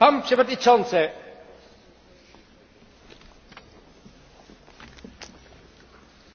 Pan Przewodniczący,